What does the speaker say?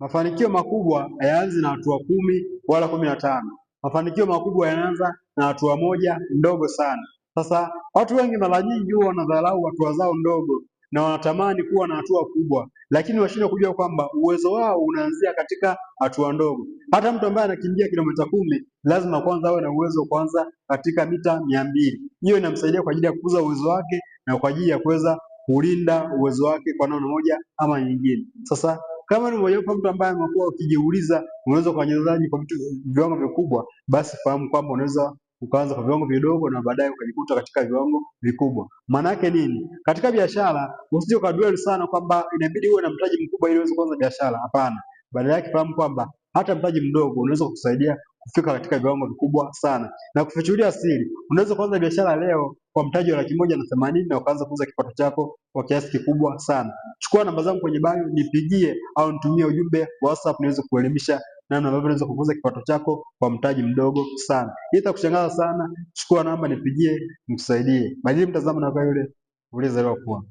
Mafanikio makubwa hayaanzi na hatua kumi wala kumi na tano. Mafanikio makubwa yanaanza na hatua moja ndogo sana. Sasa watu wengi mara nyingi huwa wanadharau hatua zao ndogo na wanatamani kuwa na hatua kubwa, lakini washindwa kujua kwamba uwezo wao unaanzia katika hatua ndogo. Hata mtu ambaye anakimbia kilomita kumi lazima kwanza awe na uwezo kuanza katika mita mia mbili. Hiyo inamsaidia kwa ajili ya kukuza uwezo wake na kwa ajili ya kuweza kulinda uwezo wake kwa namna moja ama nyingine. Sasa kama ni mmojawapo mtu ambaye amekuwa ukijiuliza unaweza ukawekezaji kwa vitu viwango vikubwa, basi fahamu kwamba unaweza ukaanza kwa viwango vidogo na baadaye ukajikuta katika viwango vikubwa. Maana yake nini? Katika biashara usije ukadwell sana kwamba inabidi uwe na mtaji mkubwa ili uweze kuanza biashara. Hapana, badala yake fahamu kwamba hata mtaji mdogo unaweza kukusaidia kufika katika viwango vikubwa sana. Na kufichulia siri, unaweza kuanza biashara leo kwa mtaji wa laki moja na themanini na ukaanza kuuza kipato chako kwa kiasi kikubwa sana. Chukua namba zangu kwenye bio, nipigie au nitumie ujumbe WhatsApp niweze kuelimisha namna ambavyo unaweza kukuza kipato chako kwa mtaji mdogo sana. Hii itakushangaza sana. Chukua namba, nipigie, nikusaidie. Badili mtazamo na kwa yule uliyezaliwa kuwa